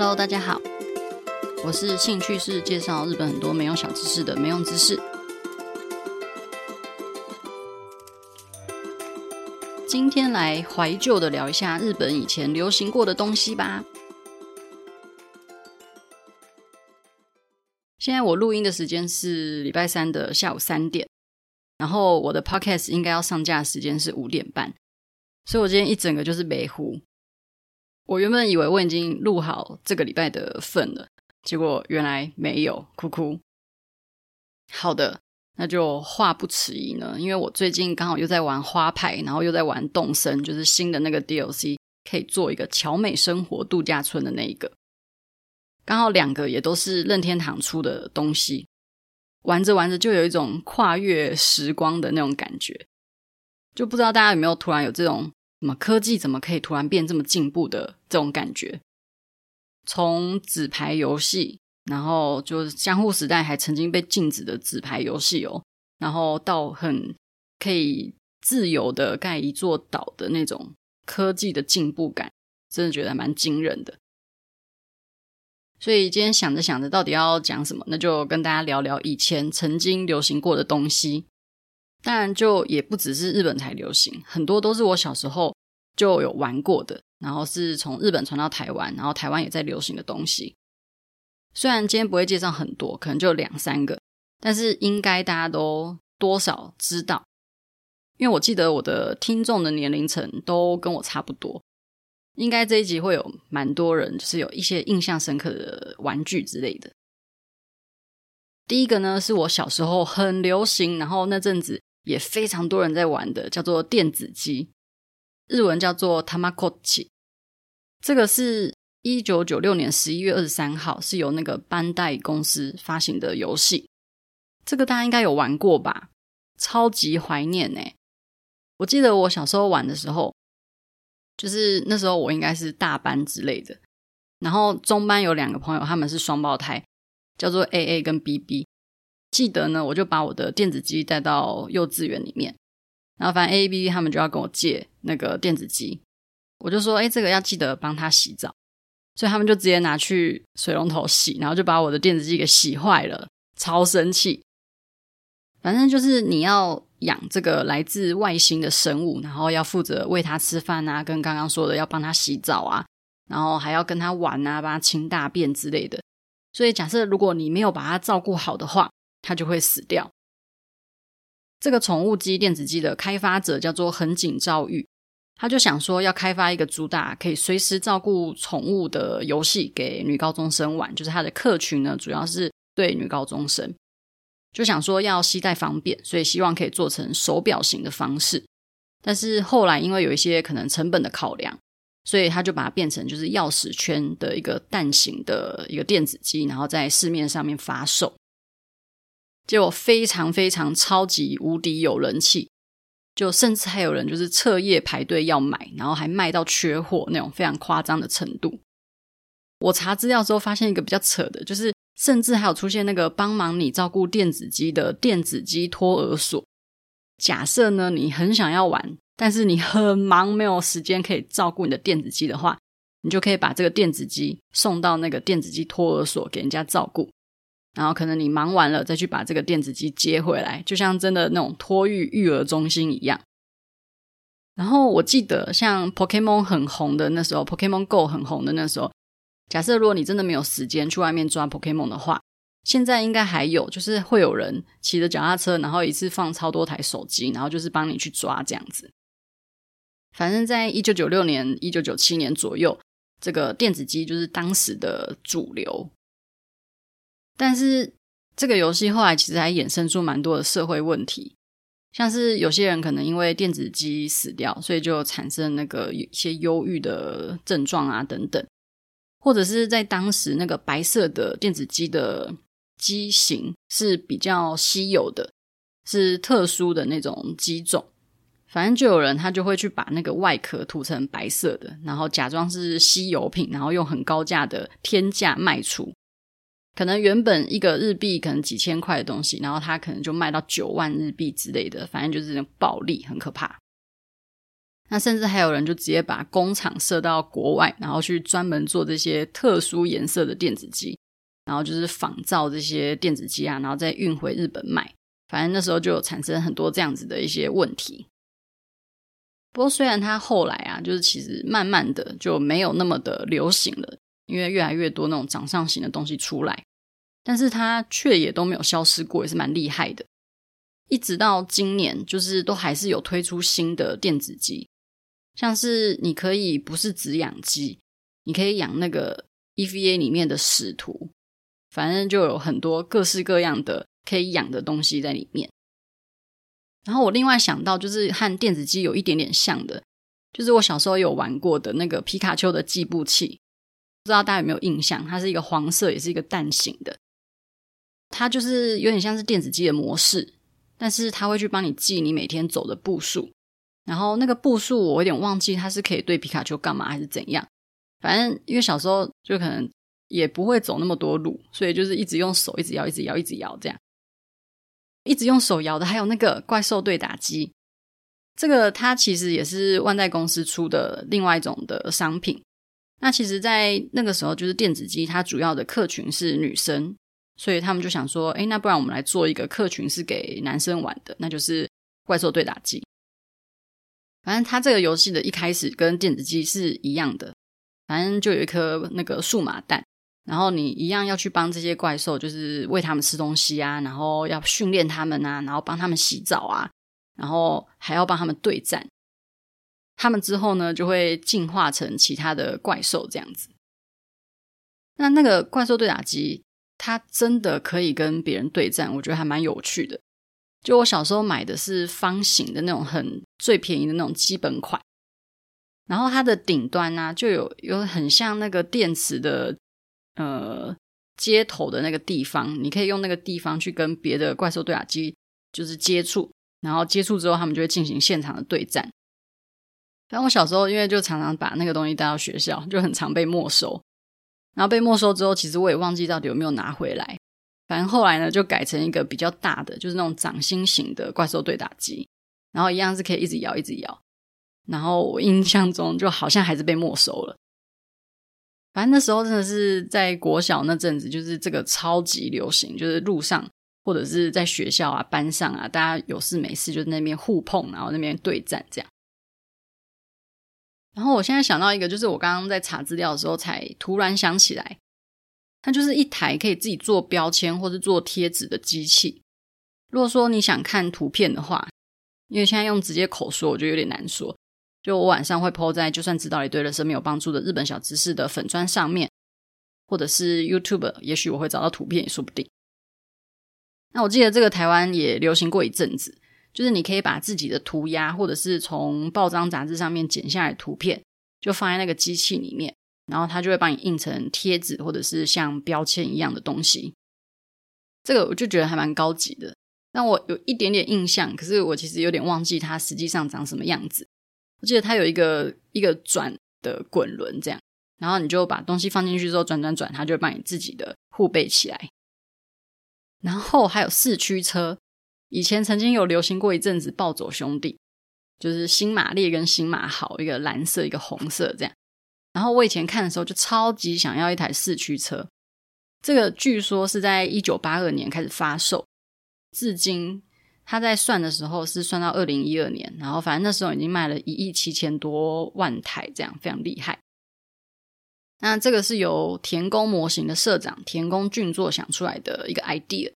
Hello，大家好，我是興趣是介紹日本很多沒用小知識的沒用知識。今天來懷舊的聊一下日本以前流行過的東西吧。現在我錄音的時間是禮拜三的下午三點，然後我的 Podcast 應該要上架的時間是五點半，所以我今天一整個就是沒糊。我原本以為我已經錄好這個禮拜的份了，結果原來沒有，哭哭。好的，那就話不遲疑呢，因為我最近剛好又在玩花牌，然後又在玩動森，就是新的那個 DLC，可以做一個喬美生活度假村的那一個，剛好兩個也都是任天堂出的東西，玩着玩着就有一種跨越時光的那種感覺，就不知道大家有沒有突然有這種。什麼科技怎麼可以突然變這麼進步的這種感覺？從紙牌遊戲，然後就是相互時代還曾經被禁止的紙牌遊戲哦，然後到很可以自由的蓋一座島的那種科技的進步感，真的覺得還蠻驚人的。所以今天想着想着，到底要講什麼，那就跟大家聊聊以前曾經流行過的東西。當然，但就也不只是日本才流行，很多都是我小時候就有玩過的，然後是從日本傳到台灣，然後台灣也在流行的東西。雖然今天不會介紹很多，可能就兩三個，但是應該大家都多少知道，因為我記得我的聽眾的年齡層都跟我差不多，應該這一集會有蠻多人，就是有一些印象深刻的玩具之類的。第一個呢，是我小時候很流行，然後那陣子，也非常多人在玩的，叫做電子雞，日文叫做 Tamagotchi。這個是一九九六年十一月二十三號，是由那個班代公司發行的遊戲，這個大家應該有玩過吧？超級懷念哎！我記得我小時候玩的時候，就是那時候我應該是大班之類的，然後中班有兩個朋友，他們是雙胞胎，叫做 A A 跟 B B。記得呢，我就把我的電子雞帶到幼稚園裡面，然後反正 AAB 他們就要跟我借那個電子雞，我就說，哎，這個要記得幫他洗澡，所以他們就直接拿去水龍頭洗，然後就把我的電子雞給洗壞了，超生氣。反正就是你要養這個來自外星的生物，然後要負責餵它吃飯啊，跟剛剛說的要幫他洗澡啊，然後還要跟他玩啊，幫他清大便之類的。所以假設如果你沒有把它照顧好的話，他就會死掉。這個寵物機、電子機的開發者叫做橫井昭裕，他就想說要開發一個主打可以隨時照顧寵物的遊戲給女高中生玩，就是他的客群呢，主要是對女高中生，就想說要攜帶方便，所以希望可以做成手表型的方式。但是後來因為有一些可能成本的考量，所以他就把它變成就是鑰匙圈的一個蛋型的一個電子機，然後在市面上面發售。結果非常非常超級無敵有人氣，就甚至還有人就是徹夜排隊要買，然後還賣到缺貨那種非常誇張的程度。我查資料之後發現一個比較扯的，就是甚至還有出現那個幫忙你照顧電子雞的電子雞托兒所。假設呢，你很想要玩，但是你很忙沒有時間可以照顧你的電子雞的話，你就可以把這個電子雞送到那個電子雞托兒所給人家照顧。然後可能你忙完了再去把這個電子雞接回來，就像真的那種托育育兒中心一樣。然後我記得像 Pokemon 很紅的那時候，Pokemon Go 很紅的那時候，假設如果你真的沒有時間去外面抓 Pokemon 的話，現在應該還有，就是會有人騎着腳踏車，然後一次放超多台手機，然後就是幫你去抓這樣子。反正，在一九九六年、一九九七年左右，這個電子雞就是當時的主流。但是這個遊戲後來其實還衍生出蠻多的社會問題，像是有些人可能因為電子雞死掉，所以就產生那個一些憂鬱的症狀啊等等，或者是在當時那個白色的電子雞的機型是比較稀有的，是特殊的那種雞種，反正就有人他就會去把那個外殼塗成白色的，然後假裝是稀有品，然後用很高價的天價賣出。可能原本一個日幣可能幾千塊的東西，然後它可能就賣到九萬日幣之類的，反正就是那種暴利，很可怕。那甚至還有人就直接把工廠設到國外，然後去專門做這些特殊顏色的電子雞，然後就是仿造這些電子雞啊，然後再運回日本賣。反正那時候就有產生很多這樣子的一些問題。不過雖然它後來啊，就是其實慢慢的就沒有那麼的流行了。因為越來越多那種掌上型的東西出來，但是它卻也都沒有消失過，也是蠻厲害的。一直到今年，就是都還是有推出新的電子雞，像是你可以不是只養雞，你可以養那個 EVA 裡面的使徒，反正就有很多各式各樣的可以養的東西在裡面。然後我另外想到，就是和電子雞有一點點像的，就是我小時候有玩過的那個皮卡丘的計步器。不知道大家有沒有印象，它是一個黃色，也是一個蛋形的，它就是有點像是電子雞的模式，但是它會去幫你記你每天走的步數，然後那個步數我有點忘記它是可以對皮卡丘幹嘛還是怎樣，反正因為小時候就可能也不會走那麼多路，所以就是一直用手一直搖，一直搖，一直搖這樣，一直用手搖的。還有那個怪獸對打機，這個它其實也是萬代公司出的另外一種的商品。那其實，在那個時候，就是電子雞，它主要的客群是女生，所以他們就想說，誒，那不然我們來做一個客群是給男生玩的，那就是怪獸對打機。反正它這個遊戲的一開始跟電子雞是一樣的，反正就有一顆那個數碼蛋，然後你一樣要去幫這些怪獸，就是餵他們吃東西啊，然後要訓練他們啊，然後幫他們洗澡啊，然後還要幫他們對戰。他們之後呢，就會進化成其他的怪獸這樣子。那那個怪獸對打機，它真的可以跟別人對戰，我覺得還蠻有趣的。就我小時候買的是方形的那種，很最便宜的那種基本款。然後它的頂端呢、啊，就有有很像那個電池的呃接頭的那個地方，你可以用那個地方去跟別的怪獸對打機就是接觸，然後接觸之後，他們就會進行現場的對戰。但我小時候，因為就常常把那個東西帶到學校，就很常被沒收。然後被沒收之後，其實我也忘記到底有沒有拿回來。反正後來呢，就改成一個比較大的，就是那種掌心型的怪獸對打機，然後一樣是可以一直搖一直搖。然後我印象中，就好像還是被沒收了。反正那時候真的是在國小那陣子，就是這個超級流行，就是路上或者是在學校啊、班上啊，大家有事沒事就在那邊互碰，然後那邊對戰這樣。然後我現在想到一個，就是我剛剛在查資料的時候才突然想起來，它就是一台可以自己做標籤或是做貼紙的機器。如果說你想看圖片的話，因為現在用直接口說，我就有點難說。就我晚上會 Po 在就算知道你對人生沒有幫助的日本小知識的粉專上面，或者是 YouTube，也許我會找到圖片也說不定。那我記得這個台灣也流行過一陣子。就是你可以把自己的塗鴉，或者是從報章雜誌上面剪下來的圖片，就放在那個機器裡面，然後它就會幫你印成貼紙，或者是像標籤一樣的東西。這個我就覺得還蠻高級的，讓我有一點點印象，可是我其實有點忘記它實際上長什麼樣子。我記得它有一個一個轉的滾輪，這樣，然後你就把東西放進去之後轉轉轉，它就會幫你自己的護貝起來。然後還有四驅車。以前曾經有流行過一陣子“暴走兄弟”，就是新馬烈跟新馬好，一個藍色，一個紅色，這樣。然後我以前看的時候，就超級想要一台四驅車。這個據說是在一九八二年開始發售，至今他在算的時候是算到二零一二年，然後反正那時候已經賣了一億七千多萬台，這樣非常厲害。那這個是由田宮模型的社長田宮俊作想出來的一個 idea。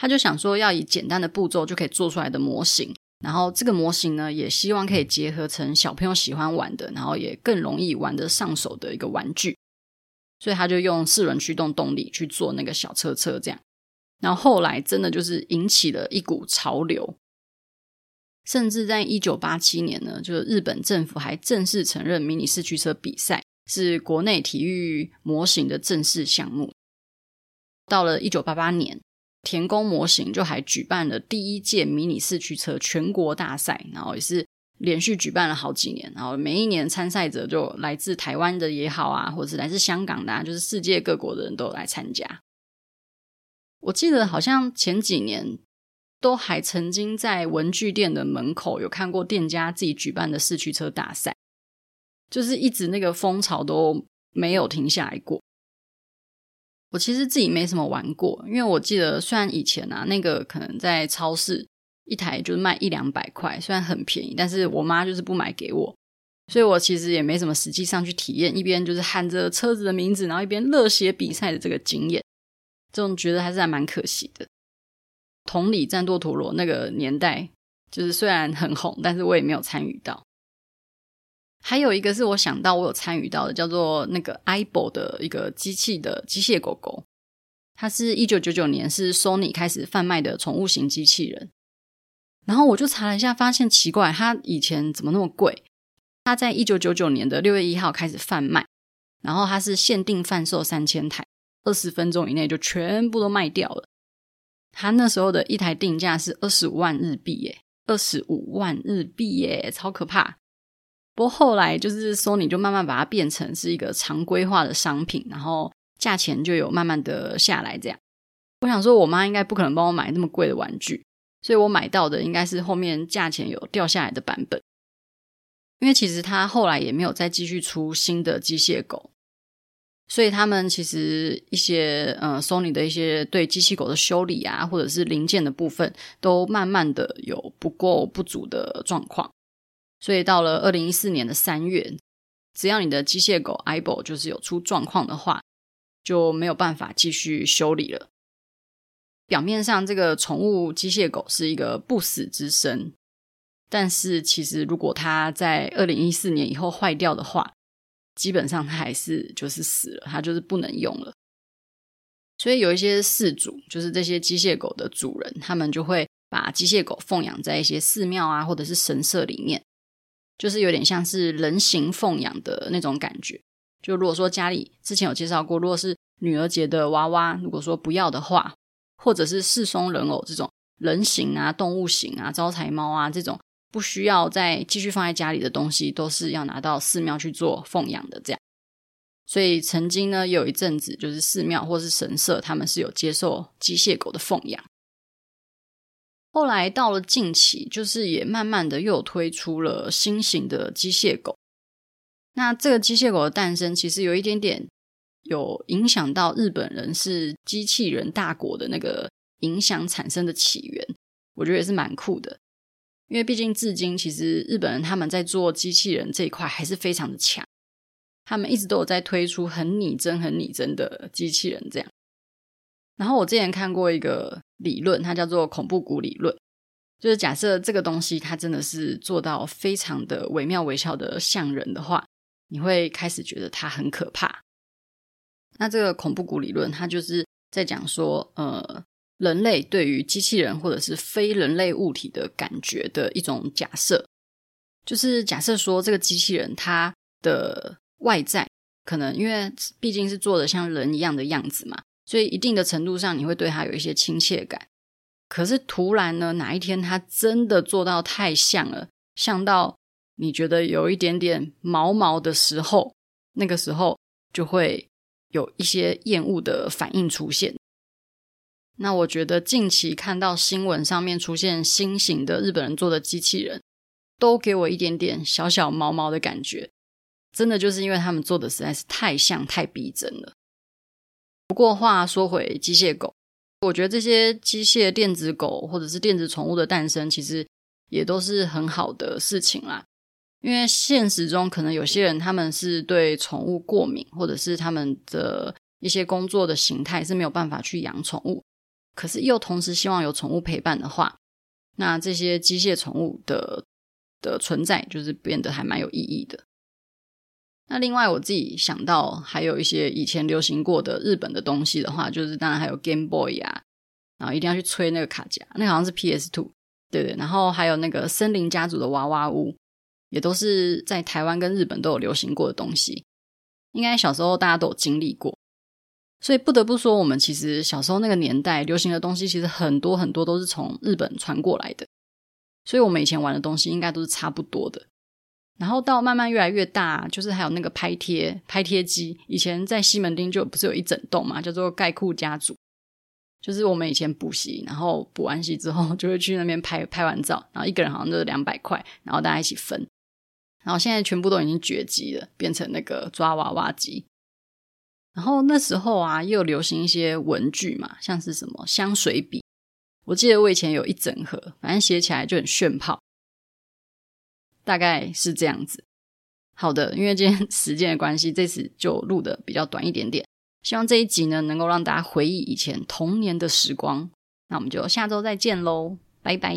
他就想說，要以簡單的步驟就可以做出來的模型，然後這個模型呢，也希望可以結合成小朋友喜歡玩的，然後也更容易玩得上手的一個玩具。所以他就用四輪驅動動力去做那個小車車，這樣。然後後來真的就是引起了一股潮流，甚至在一九八七年呢，就是日本政府還正式承認迷你四驅車比賽是國內體育模型的正式項目。到了一九八八年，田宮模型就還舉辦了第一屆迷你四驅車全國大賽，然後也是連續舉辦了好幾年，然後每一年參賽者就來自台灣的也好啊，或者是來自香港的，啊，就是世界各國的人都有來參加。我記得好像前幾年都還曾經在文具店的門口有看過店家自己舉辦的四驅車大賽，就是一直那個風潮都沒有停下來過。我其實自己沒什麼玩過，因為我記得，雖然以前啊，那個可能在超市一台就是賣一兩百塊，雖然很便宜，但是我媽就是不買給我，所以我其實也沒什麼實際上去體驗，一邊就是喊着車子的名字，然後一邊熱血比賽的這個經驗，這種覺得還是還蠻可惜的。同理，戰鬥陀螺那個年代，就是雖然很紅，但是我也沒有參與到。還有一個是我想到我有參與到的，叫做那個 AIBO 的一個機器的機械狗狗，它是一九九九年是 Sony 開始販賣的寵物型機器人。然後我就查了一下，發現奇怪，它以前怎麼那麼貴？它在一九九九年的六月一號開始販賣，然後它是限定販售三千台，二十分鐘以內就全部都賣掉了。它那時候的一台定價是二十五萬日幣耶，二十五萬日幣耶，超可怕。不過後來就是 Sony 就慢慢把它變成是一個常規化的商品，然後價錢就有慢慢的下來這樣。我想說我媽應該不可能幫我買那麼貴的玩具，所以我買到的應該是後面價錢有掉下來的版本。因為其實它後來也沒有再繼續出新的機械狗，所以他們其實一些呃 Sony 的一些對機器狗的修理啊，或者是零件的部分，都慢慢的有不夠不足的狀況。所以到了二零一四年的三月，只要你的機械狗 AIBO 就是有出狀況的話，就沒有辦法繼續修理了。表面上這個寵物機械狗是一個不死之身，但是其實如果它在二零一四年以後壞掉的話，基本上它還是就是死了，它就是不能用了。所以有一些飼主，就是這些機械狗的主人，他們就會把機械狗奉養在一些寺廟啊，或者是神社裡面。就是有點像是人形奉養的那種感覺。就如果說家裡之前有介紹過，如果是女兒節的娃娃，如果說不要的話，或者是市松人偶這種人形啊、動物形啊、招財貓啊這種，不需要再繼續放在家裡的東西，都是要拿到寺廟去做奉養的這樣。所以曾經呢有一陣子，就是寺廟或是神社，他們是有接受機械狗的奉養。後來到了近期，就是也慢慢的又推出了新型的機械狗。那這個機械狗的誕生，其實有一點點有影響到日本人是機器人大國的那個影響產生的起源，我覺得也是蠻酷的。因為畢竟至今，其實日本人他們在做機器人這一塊還是非常的強，他們一直都有在推出很擬真、很擬真的機器人這樣。然後我之前看過一個。理論，它叫做恐怖谷理論，就是假設這個東西它真的是做到非常的惟妙惟肖的像人的話，你會開始覺得它很可怕。那這個恐怖谷理論，它就是在講說，呃，人類對於機器人或者是非人類物體的感覺的一種假設，就是假設說這個機器人它的外在，可能因為畢竟是做的像人一樣的樣子嘛。所以，一定的程度上，你會對他有一些親切感。可是，突然呢，哪一天他真的做到太像了，像到你覺得有一點點毛毛的時候，那個時候就會有一些厭惡的反應出現。那我覺得近期看到新聞上面出現新型的日本人做的機器人，都給我一點點小小毛毛的感覺，真的就是因為他們做的實在是太像、太逼真了。不過話說回機械狗，我覺得這些機械電子狗或者是電子寵物的誕生，其實也都是很好的事情啦。因為現實中可能有些人他們是對寵物過敏，或者是他們的一些工作的形態是沒有辦法去養寵物，可是又同時希望有寵物陪伴的話，那這些機械寵物的的存在就是變得還蠻有意義的。那另外我自己想到還有一些以前流行過的日本的東西的話，就是當然還有 Game Boy 啊，然後一定要去吹那個卡夾，那好像是 PS Two，對不對，然後還有那個森林家族的娃娃屋，也都是在台灣跟日本都有流行過的東西，應該小時候大家都有經歷過，所以不得不說，我們其實小時候那個年代流行的東西，其實很多很多都是從日本傳過來的，所以我們以前玩的東西應該都是差不多的。然後到慢慢越來越大，就是還有那個拍貼、拍貼機。以前在西門町就不是有一整棟嘛，叫做蓋庫家族，就是我們以前補習，然後補完習之後就會去那邊拍拍完照，然後一個人好像就是兩百塊，然後大家一起分。然後現在全部都已經絕跡了，變成那個抓娃娃機。然後那時候啊，又流行一些文具嘛，像是什麼香水筆，我記得我以前有一整盒，反正寫起來就很炫炮。大概是這樣子。好的，因為今天時間的關係，這次就錄的比較短一點點。希望這一集呢，能夠讓大家回憶以前童年的時光。那我們就下周再見嘍，拜拜。